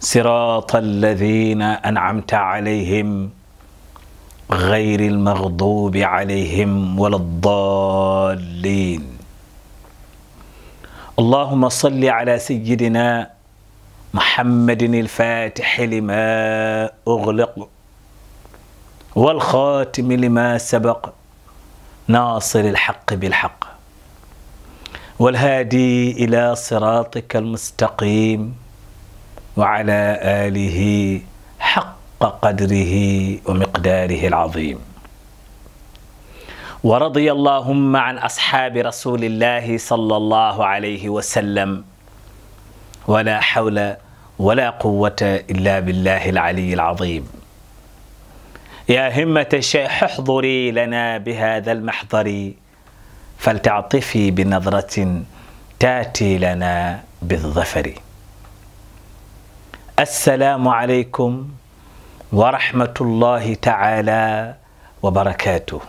صراط الذين أنعمت عليهم غير المغضوب عليهم ولا الضالين اللهم صل على سيدنا محمد الفاتح لما أغلق والخاتم لما سبق ناصر الحق بالحق والهادي إلى صراطك المستقيم وعلى آله حق قدره ومقداره العظيم ورضي اللهم عن أصحاب رسول الله صلى الله عليه وسلم ولا حول ولا قوة إلا بالله العلي العظيم يا همة الشيخ احضري لنا بهذا المحضر فلتعطفي بنظرة تاتي لنا بالظفر السلام عليكم ورحمة الله تعالى وبركاته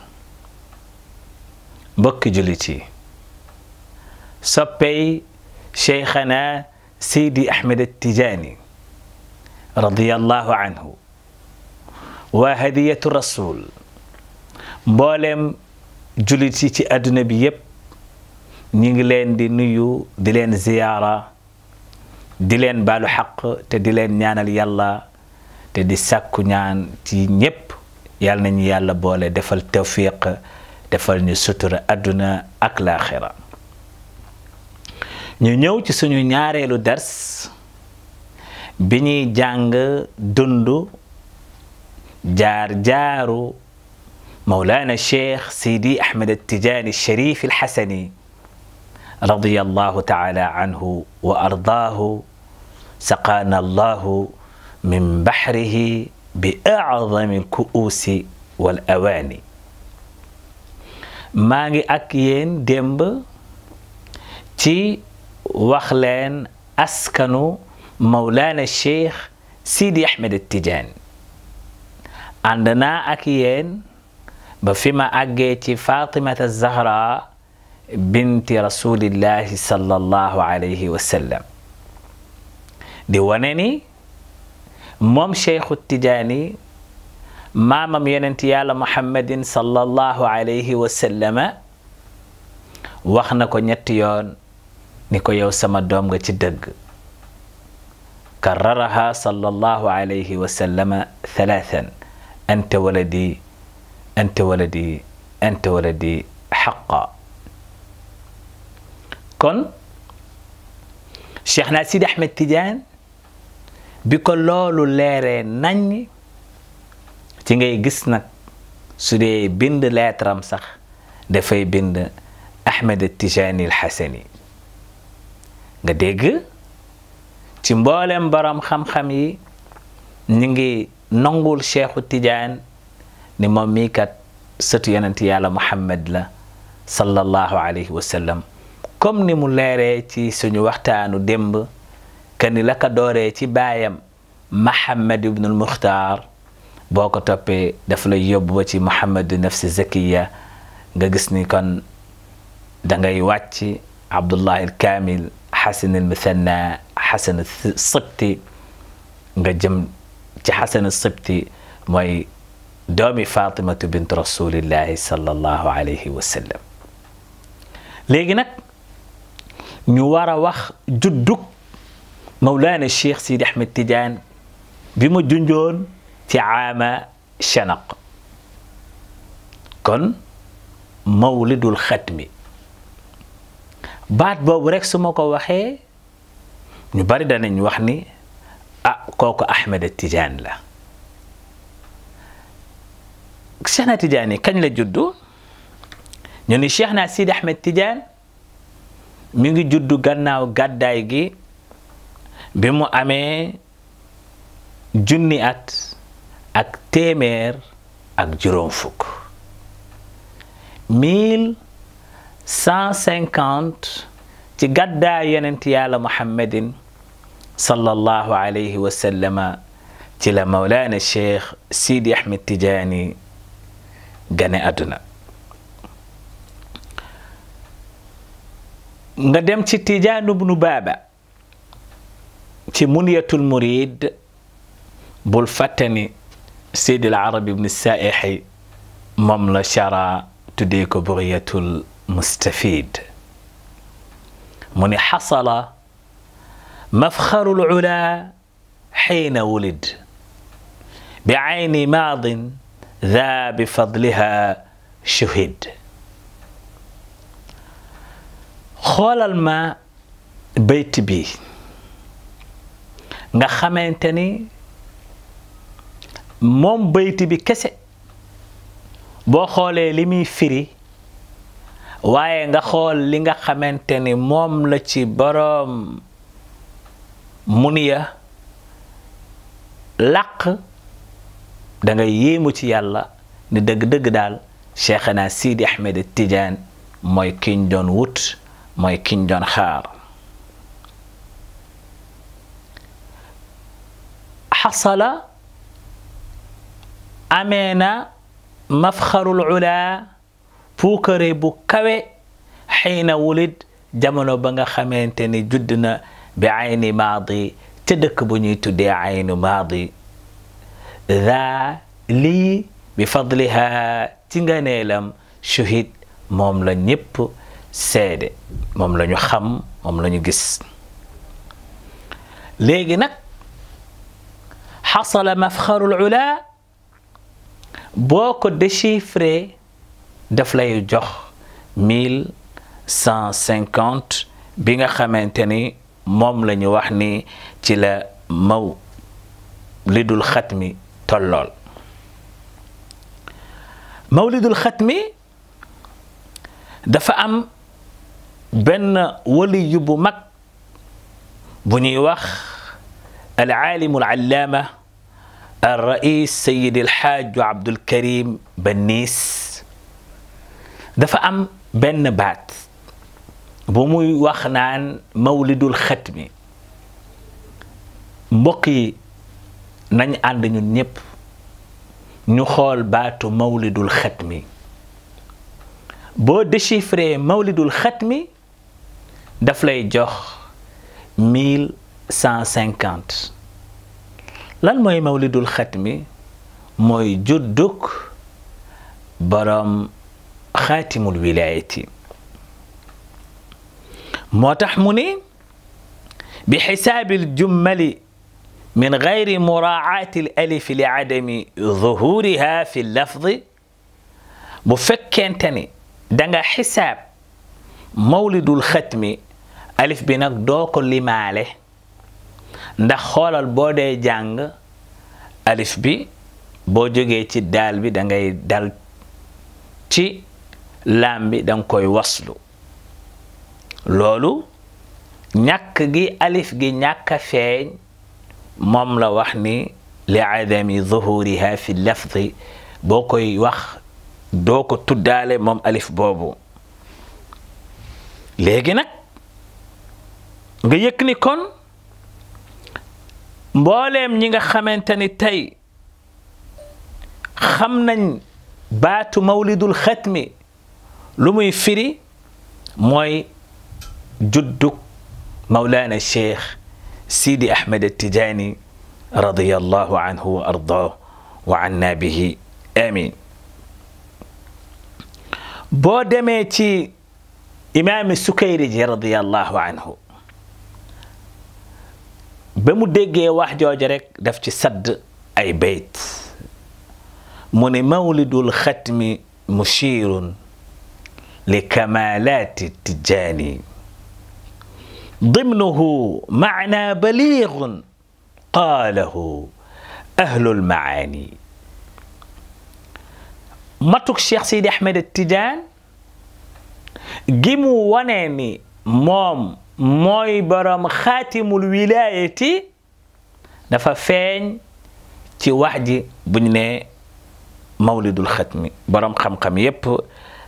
بك جلتي سبي شيخنا سيدي أحمد التجاني رضي الله عنه وهدية الرسول بولم جلتي أدنبي يب نيغلين دي نيو دي لين زياره dilen balu baalu te dilen leen ñaanal yàlla te di sàkku ñaan ci ñépp yàlla nañu yàlla boole defal tawfiq defal ñu sutura aduna ak laaxira ñu ñëw ci suñu ñaareelu dars biñi jàng dundu jaar-jaaru مولانا الشيخ سيدي أحمد التجاني الشريف الحسني رضي الله تعالى عنه وأرضاه saqaana allahu min baxrihi bi acdami kuusi wal awaani maa ngi ak yéen démb ci wax leen askanu mawlaana cheikh sidi ahmed tidiane ànd naa ak yéen ba fi ma àggee ci fatimata zahra binti rasulillahi sallallahu alayhi wa sallam di wane ni moom Cheikhu Tijaani maamam yonent yàlla muhammadin sallallahu alayhi wa sallama wax na ko ñetti yoon ni ko yow sama doom nga ci dëgg kararaha sallallahu alayhi wa sallama thalathan anta waladi anta waladi anta waladi xaqa kon Cheikhna Sidi Ahmed Tidiane bi ko loolu leeree nañ ci ngay gis nag su dee bind lettre am sax dafay bind Ahmed Tijani al Xasani nga dégg ci mboolem baram xam-xam yi ñu ngi nongul Cheikhu Tijaan ni moom mii kat sëtu yonent yàlla Muhammad la sallallahu alayhi wa sallam ni mu leeree ci suñu waxtaanu demb kani la ka dooree ci baayam Mahamad ibnul Muxtaar boo ko toppee daf lay yóbbu ba ci nafsi zakiya nga gis ni kon dangay wàcc Abdullahi al-Kaamil Xasan al Xasan as-Sibti nga jëm ci Xasan as-Sibti mooy doomi Fatimatu bint rasulillahi sallallahu alayhi wa sallam léegi nag ñu wax juddug Mawlaana Cheikh Sidi Ahmed Tidiane bi ma junjoon ci aama chanaq kon mawlidul xatmi baat boobu rek su ma ko waxee ñu bari danañ wax ni ah, kooku Ahmed Tidiane la Cheikh na yi kañ la juddu ñu ni Cheikh na Sidi Ahmed Tidiane mi ngi juddu gannaaw gàddaay gi bi mu amee junni at ak téeméer ak juróom fukk mille ci gàddaa yonent yàlla muhammadin sallallahu alayhi wa sallama ci la mawlaana cheikh sidi ahmed tijaani gane àdduna nga dem ci tijaanu bnu baaba ci munyatul murid bul fatani سيد العرب بن السائح مملا لا شرا تديك بغية المستفيد من حصل مفخر العلا حين ولد بعين ماض ذا بفضلها شهد خول الماء بيت بيه nga xamante ni moom bayti bi kese boo xoolee li muy firi waaye nga xool li nga xamante ni moom la ci boroom muniya làq da nga yéemu ci yàlla ni dëgg-dëgg daal Cheikhana Sidi Ahmed Tidiane mooy kiñ wut mooy kiñ doon xaar xasala amee na mafxarul ulaa puukare bu kawe xiina wulid jamono ba nga xamante ni judd na bi ayni maadi ca dëkk bu ñuy tuddee aynu maadi daa lii bi fadliha ci nganeelam shuhid moom la ñépp seede moom la ñu xam moom la ñu gis léegi nag حصل مفخر العلا بوكو ديشيفري دفلاي جوخ 1150 بيغا خامتني موم لا نيو واخني تي لا مو مولد الختمي تولول مولد الختمي دفا ام بن ولي بو مك بني وخ العالم العلامه الرئيس سيد الحاج عبد الكريم بنيس دفع أم بن بات بومي وخنان مولد الختم مبقي نان عند نيب نخول بات مولد الختم بو دشيفر مولد الختم دفلي جوخ 1150 lan mooy mawlidul xatmi mooy juddug borom xaatimul wilaayati moo tax mu ni bi xisaabil jummali من غير مراعاة الألف لعدم ظهورها في اللفظ بفكنتني دنگا حساب مولد الختم ألف بنك دوكو لما عليه ndax xoolal boo dee jàng alif bi boo jógee ci daal bi dangay ngay dal ci laam bi danga koy waslu loolu ñakk gi alif gi ñàkk feeñ moom la wax ni li adami zuhuriha fi lafdi boo koy wax doo ko tuddaale moom alif boobu léegi nag nga yëg ni kon mbooleem ñi nga xamante ni tey xam nañ baatu mawlidul xatmi lu muy firi mooy juddug mawlaana cheikh sidi ahmed attijaani radiyallahu anhu wa ardaah wa anna bihi amin boo demee ci imaami sukayri ji radiyallahu bamu déggé wax jojje rek def ci sad ay bayt mune mawlidul khatmi لكمالات التجاني ضمنه معنى بليغ قاله أهل المعاني ماتوك الشيخ سيدي أحمد التجان جيمو وناني موم mooy borom xaatimul wilaayati dafa feeñ ci wax ji buñ ne mawlidul xatmi borom xam-xam yépp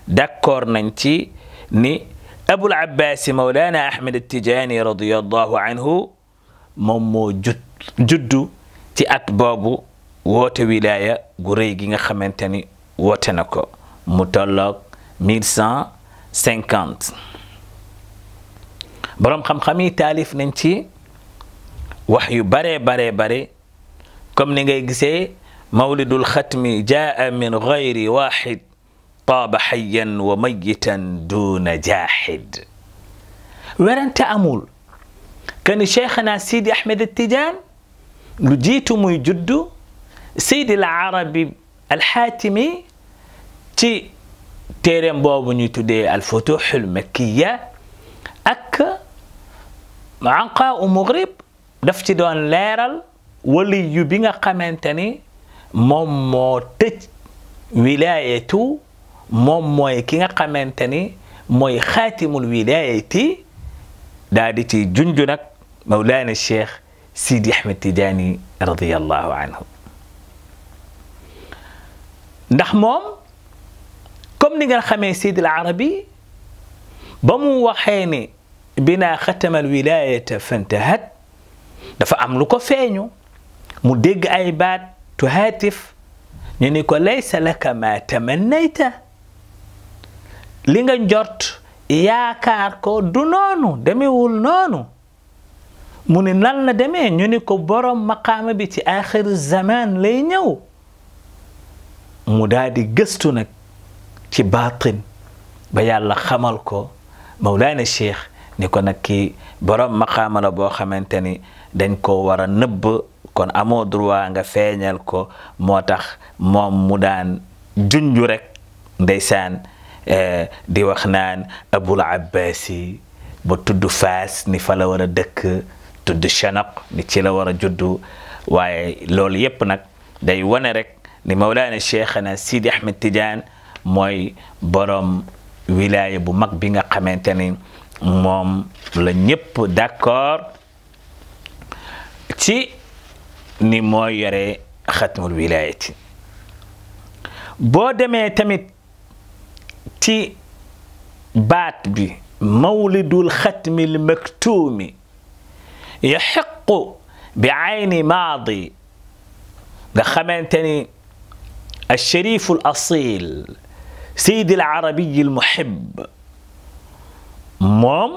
d'accord nañ ci ni abul abbas mawlana ahmed tijaani radiallahu anhu moom moo jud juddu ci at boobu woote wilaaya gu rëy gi nga xamante ni woote na ko mu tolloog mille cent boroom xam-xam yi taalif nañ ci wax yu baree baree bare comme ni ngay gisee mawlidul xatmi jaa min gayri waxid taaba xayan wa mayitan duuna jaaxid werante amul kani cheikhana sidi ahmed tidiane lu jiitu muy juddu sidi al arabi alxaatimi ci téeréem boobu ñu tuddee alfutuxul makkiya ak معنقا ومغرب دفتي دون ليرال ولي يبين قمنتني مو تج ولايتو مومو يكين قمنتني موي خاتم الولاية دادي تي جنجنك مولانا الشيخ سيدي أحمد تجاني رضي الله عنه ndax mom comme ni nga xamé sidil arabiy bamou bina khatamal wilayata fantahat dafa am lu ko feeñu mu dégg ay baat tu haatif ñu ni ko laysa laka ma tamannayta li nga njort yaakaar ko du noonu demewul noonu mu ni nan la demee ñu ni ko borom maqaama bi ci aaxiru zamaan lay ñëw mu daal di gëstu nag ci baatin ba yàlla xamal ko mawlaana cheikh ni ko nag kii borom maqaama la boo xamante ni dañ ko war a nëbb kon amoo droit nga feeñal ko moo tax moom mu daan junju rek ndeysaan eh, di wax naan abul abbaasi ba tudd faas ni fa la war a dëkk tudd chanaq ni ci la war a juddu waaye loolu yépp nag day wane rek ni mawlaana cheikhana sidi ahmed tidiane mooy borom wilaaya bu mag bi nga xamante ni mom la ñëpp d'accord ci ni mo yore khatmul wilayat bo deme tamit ci bat bi mawlidul xatmil maktuumi yaxiqu bi ayni maadi nga xamante ni الشريف الأصيل سيد العربي المحب moom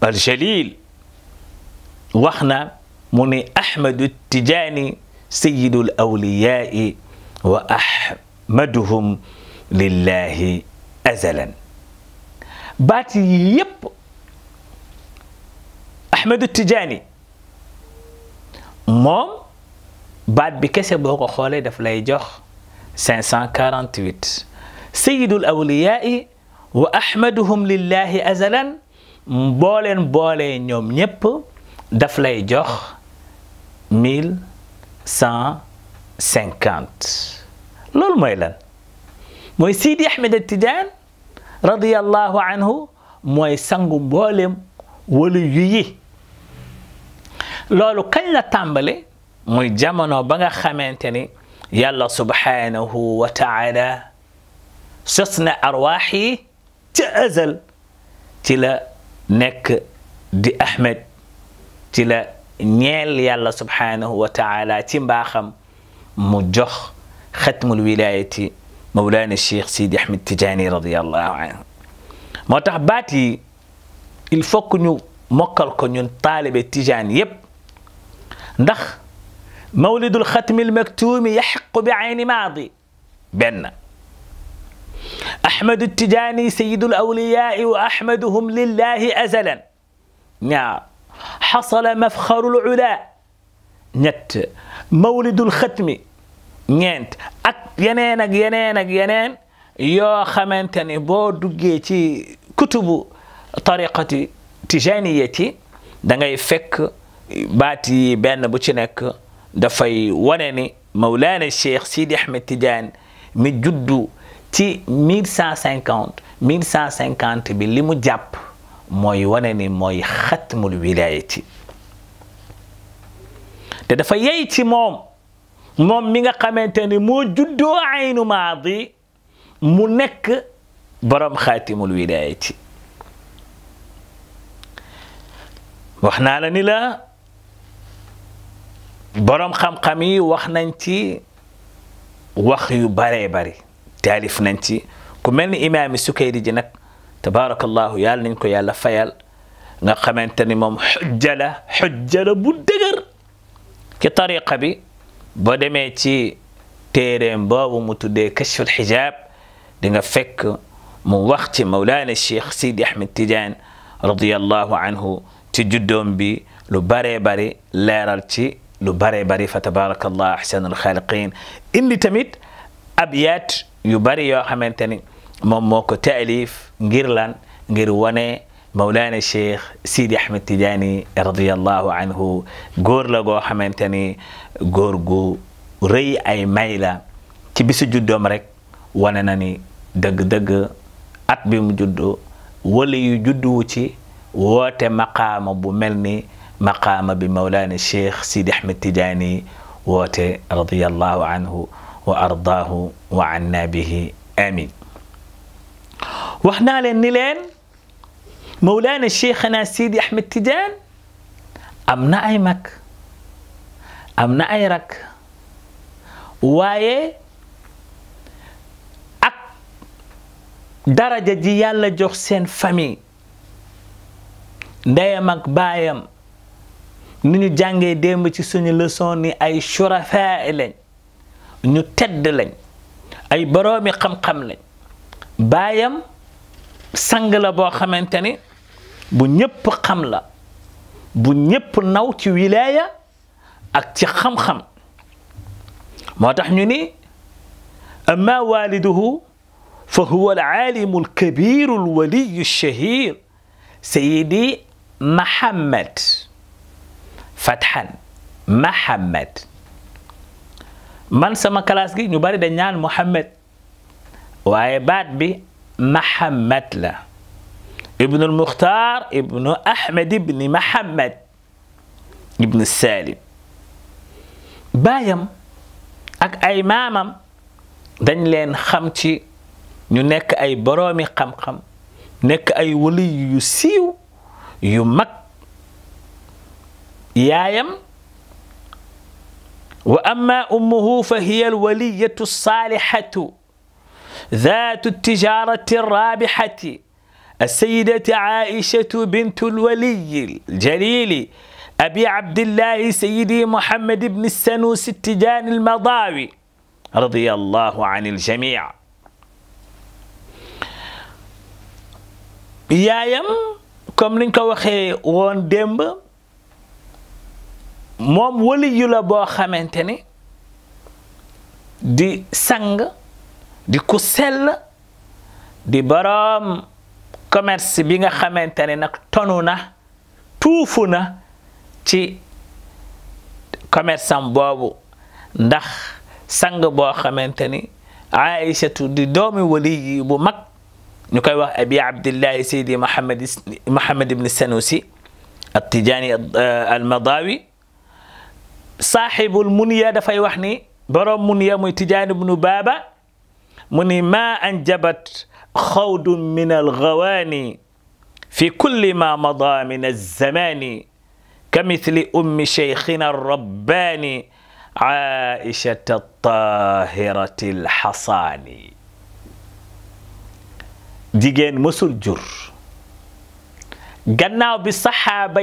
aljalil wax na mu ni ahmadu tijaani sayidul awliyaai wa ahmaduhum lillahi azalan baat yi yépp ahmadu tijaani moom baat bi kese boo ko xoolee daf lay jox 548 sayidul awliyaai wa ahmaduhum lillahi azalan booleen boolee ñoom ñépp daf lay jox mille cent cinquante loolu mooy lan mooy Sidi Ahmed Tidiane radiyallahu anhu mooy sangu mbooleem walu yu yi loolu kañ la tàmbale muy jamono ba nga xamante ni yàlla subhanahu wa taala ca azal ci la nekk di Ahmed ci la ñeel yàlla subhanahu wa taala ci mbaaxam mu jox xatmul wilayati mawlaana cheikh Sidi Ahmed Tijaani radiallahu anhu moo tax baat yi il faut que ñu mokkal ko ñun taalibe tijaan yépp ndax mawlidul xatmil maktuumi yaxiqu bi ayni maadi benn أحمد التجاني سيد الأولياء وأحمدهم لله أزلا نعم حصل مفخر العلاء نت مولد الختم ñeent ak yeneen ak yeneen ak yeneen yoo xamante ni boo duggee ci kutubu tariqati tijaniya ci da ngay fekk baat yi benn bu ci nekk dafay wane ni Mawlana Cheikh Sidi Ahmed Tidiane mi juddu ci 1150 1150 bi li mu jàpp mooy wane ni mooy xatmul wilayati te dafa yey ci moom moom mi nga xamante ni moo juddoo aynu maadi mu nekk borom xaatimul wilayati wax naa la ni la borom xam-xam yi wax nañ ci wax yu baree bari taalif nañ ci ku mel ni imaam Sukayri ji nag tabaarakallahu yàlla nañ ko fayal nga xamante ni hujjala xujja la xujja la bu dëgër ci tariqa bi boo demee ci téeréem boobu mu tuddee kashful xijaab di nga fekk mu wax ci mawlaana cheikh Sidi Ahmed Tidiane radiyallahu anhu ci juddoom bi lu baree bari leeral ci lu baree bari fa tabaarakallah ahsanul xaaliqiin indi tamit abyaat yu bari yoo xamante ni moom moo ko taalif ngir lan ngir wane Mawlana Cheikh Sidi Ahmed Tidiane radiyallahu anhu góor la goo xamante ni góor gu rëy ay mayla la ci bisu juddoom rek wane na ni dëgg-dëgg at bi mu juddu wala yu judduwu ci woote maqaama bu mel ni maqaama bi Mawlana Cheikh Sidi Ahmed Tidiane woote radiyallahu anhu وأرضاه وعنا به آمين وحنا لنلين مولانا الشيخنا سيدي أحمد تيجان أم نأيمك أم نأيرك واي أك درجة ديال جوخسين فامي نأيمك بايم نيو جانغي ديمبو سوني لسوني أي شرفاء لين ñu tedd lañ ay boromi xam-xam lañ bayam sang la bo xamanteni bu ñépp xam la bu ñépp naw ci wilaya ak ci xam-xam motax ñu ni amma waliduhu fa huwa alalimu alkabiru alwaliyu alshahir sayidi mahammad fathan mahammad man sama kalaas gi ñu bari da ñaan Muhammad waaye baat bi Mahamad la ibnu Muxtaar ibnu Ahmed ibni Mahamad baayam ak ay maamam dañ leen xam ci ñu nekk ay boroomi xam-xam nekk ay wali yu siiw yu mag yaayam وأما أمه فهي الولية الصالحة ذات التجارة الرابحة السيدة عائشة بنت الولي الجليل أبي عبد الله سيدي محمد بن السنوس التجان المضاوي رضي الله عن الجميع يا يم كم ko waxee woon moom waliyu la boo xamante ni di sang di ku sel di boroom commerce bi nga xamante ni nag tonu na tuufu na ci commerçant boobu ndax sang boo xamante ni aïchatu bu mag ñu koy wax abi abdillahi saydi muhammad muhammad ibni sanusi al tijaani euh, al madawi صاحب المنيا دا فاي واخني بروم منيا موي تجان بن بابا مني ما انجبت خود من الغواني في كل ما مضى من الزمان كمثل ام شيخنا الرباني عائشه الطاهره الحصاني جيجين مسول جور غناو بي صحابه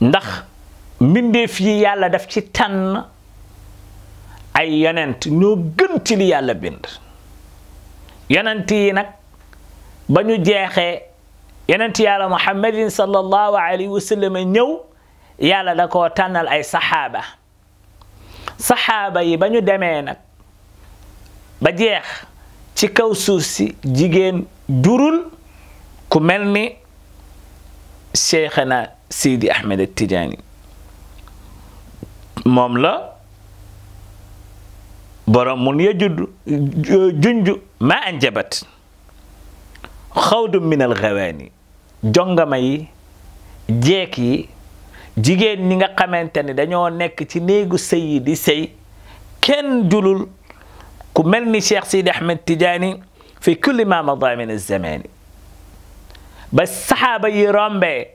ndax mbindeef yi yàlla daf ci tànn ay yonent ñoo gën ci li yàlla bind yonent yi nag ba ñu jeexee yonent yàlla muhammadin sallallahu alayhi wa sallam ñëw yàlla da koo tànnal ay saxaaba saxaaba yi ba ñu demee nag ba jeex ci kaw suuf si jigéen jurul ku mel ni Cheikhana Sidi Ahmed Tidiane moom la borom mun ya judd junj maa anjabat xawdu min al gawaani jongama yi jeek yi jigéen ñi nga xamante ni dañoo nekk ci néegu sëy yi di sëy kenn julul ku mel ni Cheikh Sidi Ahmed Tidiane fi kulli ma mada min alzamani ba saxaaba yi rombee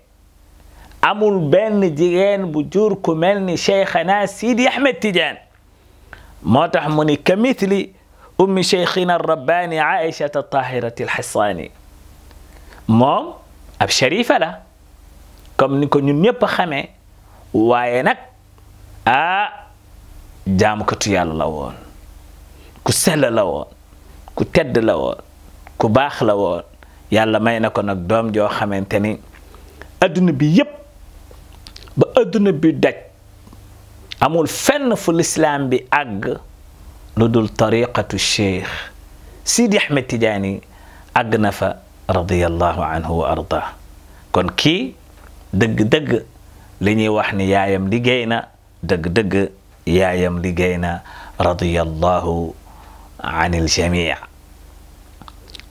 amul benn jigéen bu jur ku mel ni cheikhana Sidi Ahmed Tidiane moo tax mu ni ka mithli ummi cheikhina rabbaani aïchata tahirati alxissaani moom ab sharifa la comme ni ko ñun ñëpp xamee waaye nag ah jaamukatu yàlla la woon ku sell la woon ku tedd la woon ku baax la woon yàlla may na ko nag doom joo xamante ni bi yeb ba aduna bi daj amul fenn fu l'islam bi ag ludul tariqatu sheikh Sidi Ahmed Tidiane àgg na fa radiyallahu anhu wa arda kon ki deug deug li wax ni yaayam ligeyna deug deug yaayam ligeyna radiyallahu anil jami'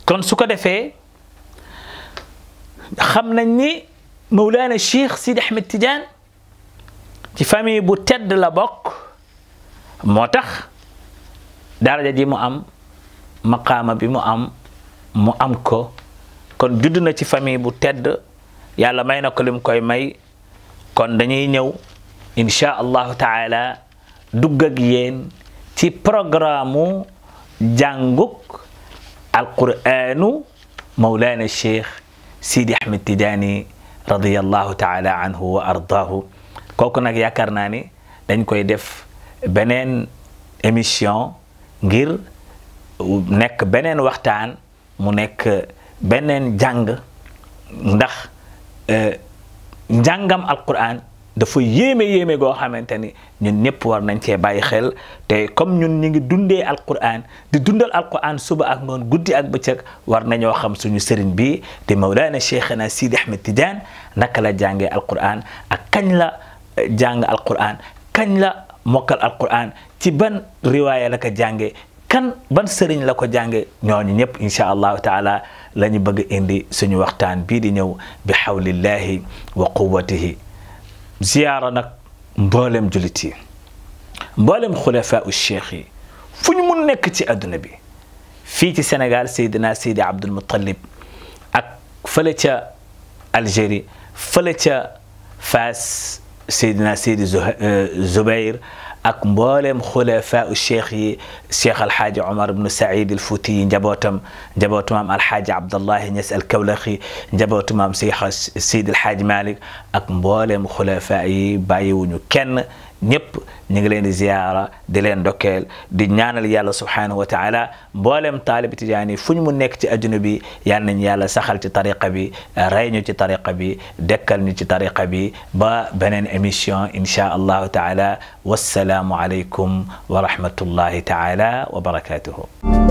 kon su ko defee خمنا ني مولانا الشيخ سيد احمد تيجان تفهمي بو تد لا بوك موتاخ درجه دي مو ام مقام بي مو ام مو ام كو كون ددنا تي فامي بو تد يالا ماينا كو لم كوي ماي كون داني نيو ان شاء الله تعالى دوغ اك يين تي بروغرامو جانغوك القران مولانا الشيخ Sidi Ahmed Tidiane radiyallahu taala anhu wa ardaahu kooku nag yaakaar naa ni dañ koy def beneen émission ngir nekk beneen waxtaan mu nekk beneen jàng ndax euh, njàngam Alqur'an. dafa yéeme yéeme goo xamante ni ñun ñëpp war nañ cee bàyyi xel te comme ñun ñu ngi dundee alquran di dundal alquran suba ak ngoon guddi ak bëccëg war nañoo xam suñu sëriñ bi te Mawlaana Cheikhana Sidi Ahmed Tidiane naka la jàngee alquran ak kañ la eh, jàng alquran kañ la mokkal alquran ci ban riwaaya la ko jàngee kan ban sëriñ la ko jàngee ñooñu ñëpp incha allah taala la ñu bëgg indi suñu waxtaan bii di ñëw bi xawlillahi wa quwwatihi زياره نك مبولم جلتي مبولم خلفاء الشيخي فني من نك تي في تي سنغال سيدنا سيدي عبد المطلب اك فلتا الجيري فلتا فاس سيدنا سيدي آه، زبير ak mboolem xulafaa cheikh yi cheikh alxaaji omar ibnu saïd al fouti yi njabootam njabootu maam alxaaji abdallahi ñes al kawlaxi njabootu maam seyd alxaaji malik ak mboolem xulafaa yi bàyyiwuñu kenn ñëpp ñu ngi leen di ziyaara di leen dokkeel di ñaanal yàlla subhaanahu wa taala mboolem taalib tijaani fu ñu mu nekk ci àdduna bi yal nañ yàlla saxal ci tariqa bi rey ñu ci tariqa bi dekkal ñu ci tariqa bi ba beneen émission inchaa allahu taala wassalaamu aleykum wa rahmatullahi taala wa barakatuhu